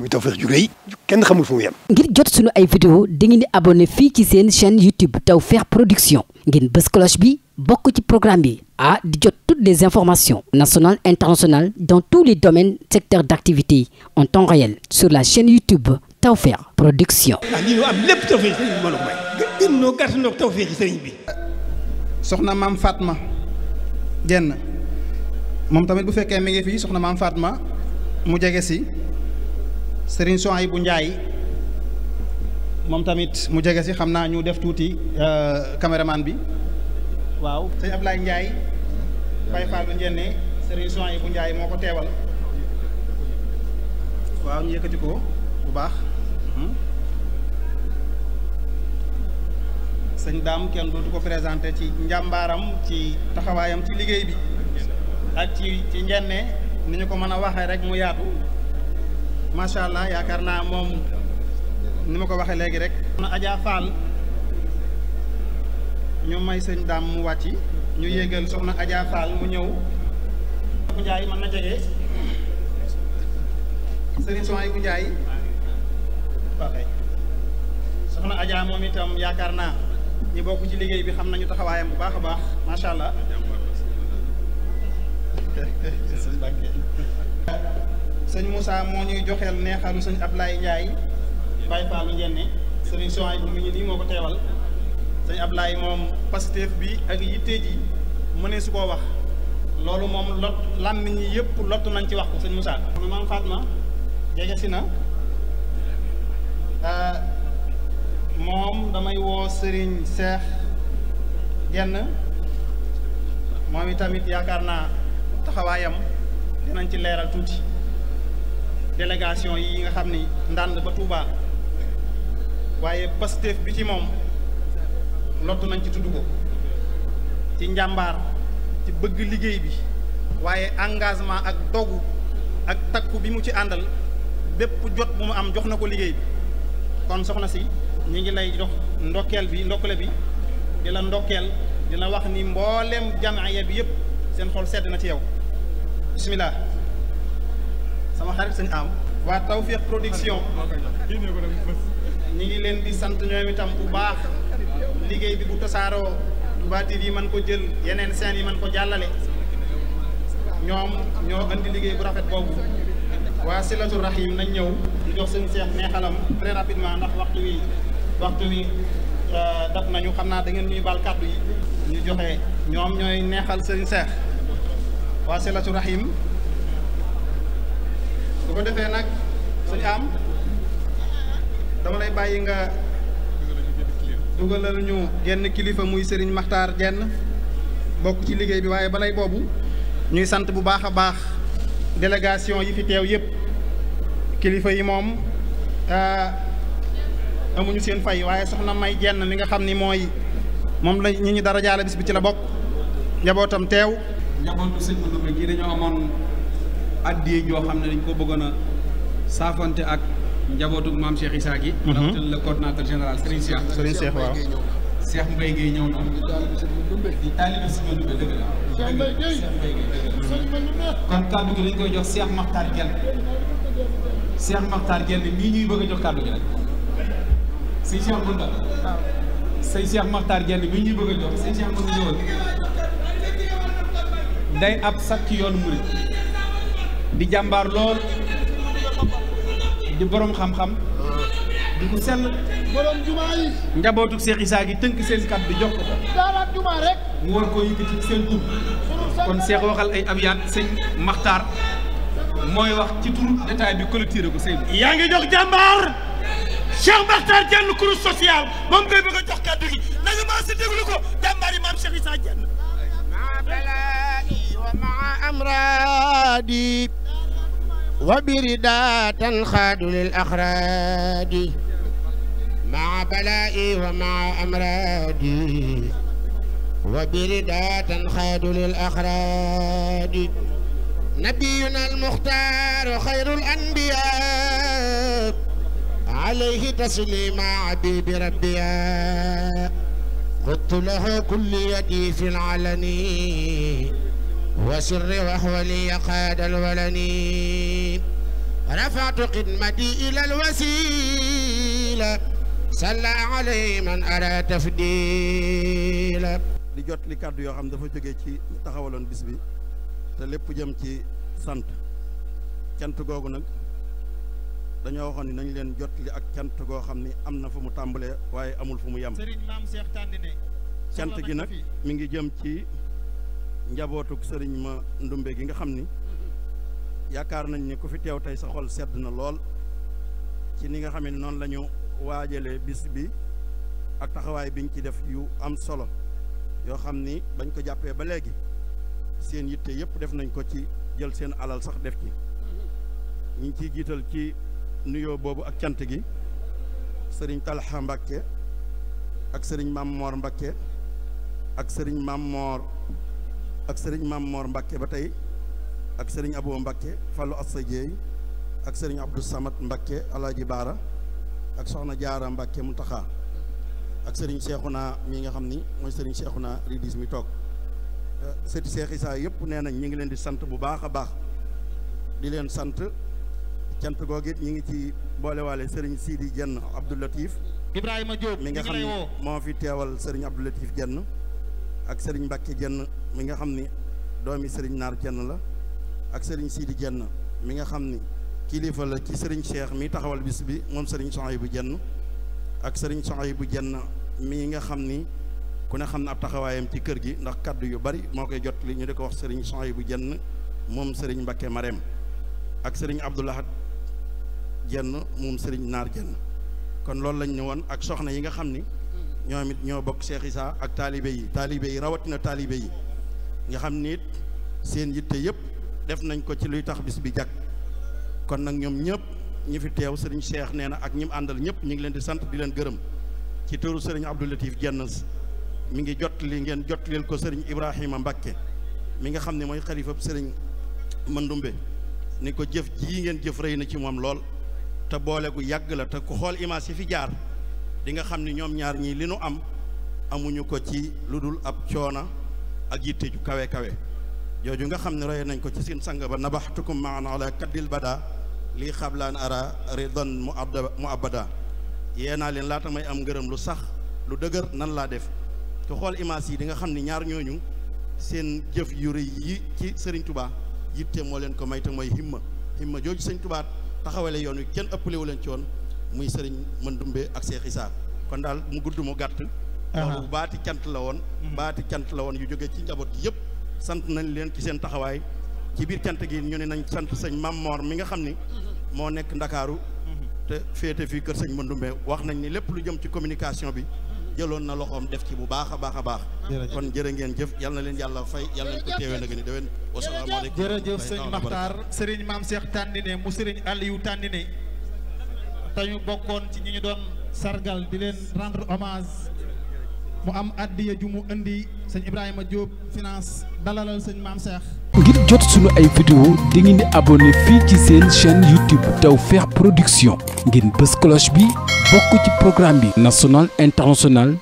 muy Tawfekh ju rëy kenn xamul fu mu yem. ngir jot sunu ay vidéo dangeen di abonné fii ci seen chaîne YouTube Tawfekh Production ngeen bës cloche bi bokk ci programme bi ah di jot toutes les informations nationales internationales dans tous les domaines secteurs d'activité en temps réel sur la chaîne YouTube Tawfekh Production. ah lii ñu am lépp Tawfekh sëriñ ma la may. gën soxna maam Fatma jenn moom tamit bu fekkee mi ngi fii soxna maam Fatma mu jege si. sëriñ bu njaay moom tamit mu jege si xam naa ñu def tuuti euh, caméraman bi waaw sëñ Ablaye Ndiaye Baye Fallou Njenne sëriñ Souhaïbou Ndiaye moo ko teewal waaw ñu yëkkati ko bu baax mhm. sëñ daam kenn dootu ko présenté ci njàmbaaram ci taxawaayam ci liggéey bi ak ci ci njenne ni ñu ko mën a waxe rek mu yaatu macha allah yaakaar naa moom ni ma ko waxee léegi rek. na Adja Fall ñu may sëñ daam mu wàcc ñu yéegal soxna Adja Fall mu ñëw. Ku Njaay mën na jege sëriñ Soxna Ku Njaay waaye soxna moom itam yaakaar naa ñi bokk ci liggéey bi xam nañu taxawaayam bu baax a baax macha allah. sëñ Moussa moo ñuy joxeel neexalu sëñ Ablaye Ndiaye Baye Fallou Njenne sëriñ Sowaay bu mu ngi nii moo ko teewal sëñ Ablaye moom Pastef bi ak yitte mënee su koo wax loolu moom lot lan nit ñi yëpp lottu nañ ci wax ko sëñ Moussa. kon maam Fatma jege si na ah, moom damay woo sëriñ Seex genn moom tamit yaakaar naa taxawaayam dinañ ci leeral tuuti. délégation yi nga xam ni ndànd ba Touba waaye Pastef bi ci moom lottu nañ ci tudd ko ci njàmbaar ci bëgg liggéey bi waaye engagement ak dogu ak takku bi mu ci àndal bépp jot bu mu am jox na ko liggéey bi kon soxna si ñu ngi lay jox ndokkeel bi ndokkale bi dina la ndokkeel di wax ni mboolem jamaaya bi yépp seen xool sedd na ci yow bismillah sama xarit sañ am waa Tawfekh Production ñu ngi leen di sant ñoom itam bu baax liggéey bi bu tasaaroo Touba TV yi man ko jël yeneen seen yi man ko jàllale ñoom ñoo indi liggéey bu rafet boobu waa silatu rahim nañ ñëw ñu jox seen seex neexalam très rapidement ndax waxtu wi waxtu wi euh, daf nañu xam naa da ngeen ñuy baal kàddu yi ñu joxe ñoom ñooy neexal seen seex waa silatu rahim ko defee nag suñu am dama lay bàyyi nga dugalal ñu genn kilifa muy sëriñ Makhtar Diène bokk ci liggéey bi waaye balay boobu ñuy sant bu baax a baax délégation yi fi teew yépp kilifa yi moom amuñu seen fay waaye soxna May Diène li nga xam ni mooy moom la ñu ñu dara jaale bis bi ci la bokk njabootam teew njabootu addiyee joo xam ne dañ ko bëggoon a saafante ak njabootu maam Cheikh Issa gi. rawatina mhm. le coordonnateur général Serigne Cheikh. Serigne Cheikh waaw. Cheikh Mbaye Guèye ñëw na. di taalibe si ñu dëgg la. Cheikh Mbaye Guèye kon kàddu gi dañ koy jox Cheikh Makhtar Diène. Cheikh Makhtar Diène nii ñuy bëgg a jox kàddu gi rek. si Cheikh Bunda. waaw say Cheikh Makhtar Diène mii ñuy bëgg a jox say Cheikh Bunda ñëwal. day ab sakk yoonu murit. di jàmbaar lool di boroom xam-xam di ko sell borom jumaa yi njabootu gi tënk seen kat bi jox ko ko jumaa rek mu war koo yëkkati seen tur kon Cheikh waxal ay abiyaat sëñ Maxtaar mooy wax ci tur détail bi collecté ko sëñ yaa ngi jox jàmbaar Cheikh Maxtaar Diène kuréel social moom ngay bëgg a jox kàddu gi nanga maa si déglu ko jàmbaar yi maam Cheikh Issa Diène ma wa ma amraadi وبردا تنخاد للأخراد مع بلائي ومع أمرادي وبردا تنخاد للأخراد نبينا المختار خير الأنبياء عليه تسليم عبيب ربيا قلت له كليتي في العلني وسر وحولي قاد الولني رفعت قدمتي إلى الوسيلة صلى عليه من أرى تفديلا di jot li kàddu yoo xam dafa jóge ci taxawaloon bis te lépp jëm ci sant cant googu nag dañoo waxoon ni nañ leen jot ak cant goo xam ni am na fu mu tàmbalee waaye amul fu mu yem. Serigne gi nag mi ngi jëm ci. njabootuk sëriñ ma ndumbe gi nga xam ni yaakaar nañ ni ku fi teew tey sa xol sedd na lool ci ni nga xam ne noonu la waajale waajalee bis bi ak taxawaay biñ ci def yu am solo yoo xam ni bañ ko jàppee ba léegi seen yitte yépp def nañ ko ci jël seen alal sax def ci ñu ngi ciy jiital ci nuyoo boobu ak cant gi sëriñ Talha Mbakke ak sëriñ Maam Moor Mbakke ak sëriñ mam Moor ak sëriñ Maam Moor Mbàkke ba tey ak sëriñ Abo Mbàkke Fallu Assa ak sëriñ Abdou Samad Mbàkke Alaaji Baara ak soxna Jaara Mbàkke Muntaxa ak sëriñ naa mi nga xam ni mooy sëriñ naa Ridis mi toog euh, sëti Seex Isaa yëpp nee nañ ñu ngi leen di sant bu baax a baax di leen sant cant googu it ñu ngi ci boolewaale sëriñ Sidi Jenn Abdou Latif Ibrahima Diop mi nga xam moo fi teewal sëriñ Abdou Latif Jenn ak sëriñ mbakke jenn mi nga xam ni doomi sëriñ Naar jenn la ak Serigne Sidi jenn mi nga xam ni kilifa la ci Serigne Cheikh mi taxawal bis bi moom Serigne Souhaïbou jën ak Serigne Souhaïbou jenn mi nga xam ni ku ne xam na taxawaayam ci kër gi ndax kaddu yu bari moo koy jot ñu di ko wax Serigne Souhaïbou jenn moom sëriñ mbakke Marème ak Serigne Abdoulahat jenn moom sëriñ Naar jën kon loolu lañ ne woon ak soxna yi nga xam ni. ñoom it ñoo bokk Cheikh Issa ak taalibe yi taalibe yi rawatina taalibe yi nga xam ni it seen yitte yëpp def nañ ko ci luy tax bis bi jag kon nag ñoom ñëpp ñi fi teew sëriñ Cheikh nee na ak ñi àndal ñëpp ñu ngi leen di sant di leen gërëm ci turu sëriñ Abdou Latif Diène mi ngi jot li ngeen jot leel ko sëriñ Ibrahima Mbacke mi nga xam ne mooy xalifab sëriñ Mandumbe ni ko jëf jii ngeen jëf rey na ci moom lool te boole gu yàgg la te ku xool image yi fi jaar. di nga xam ni ñoom ñaar ñii li nu am amuñu ko ci lu dul ab coona ak yitte ju kawe kawe jooju nga xam ne roye nañ ko ci seen sang ba nabaxtukum maan ala kaddil bada lii xablaan ara ridon mu abda mu abada yee naa leen laata may am ngërëm lu sax lu dëgër nan laa def te xool image yi di nga xam ni ñaar ñooñu seen jëf yu rëy yi ci sëriñ tubaa yitte moo leen ko may te mooy himma himma jooju sëriñ tubaa taxawale yoon wi kenn ëppalewu leen ci muy sëriñ Mandoumbe ak Cheikh Issa kon daal mu gudd mu gàtt loolu baati cant la woon hmm. baati cant la woon yu jóge ci njaboot gi yëpp sant nañ leen ci seen taxawaay ci biir cant gi ñu ne nañ sant sëñ moor mi nga xam ni moo nekk Ndakaaru hmm. te féete fii kër sëñ Mandoumbe wax nañ ni lépp lu jëm ci communication bi jëloon na loxoom def ci bu baax a baax a baax kon jërë ngeen jëf yal na leen yàlla fay yal nañ ko teewee nag ni déwén wasalaamaaleykum sëñ Maxtaar sëriñ Maam Cheikh Tandine mu sëriñ Aliou Tandine te bokkoon ci ñi ñu doon sargal di leen rendre hommage mu am addiya ju mu indi sëñ Ibrahima Diop finance dalalal sëñ maam Cheikh. ngir jot sunu ay vidéo di ngeen di abonné fii ci seen chaîne YouTube Tawfekh Production ngeen bës cloche bi bokk ci programme bi national international.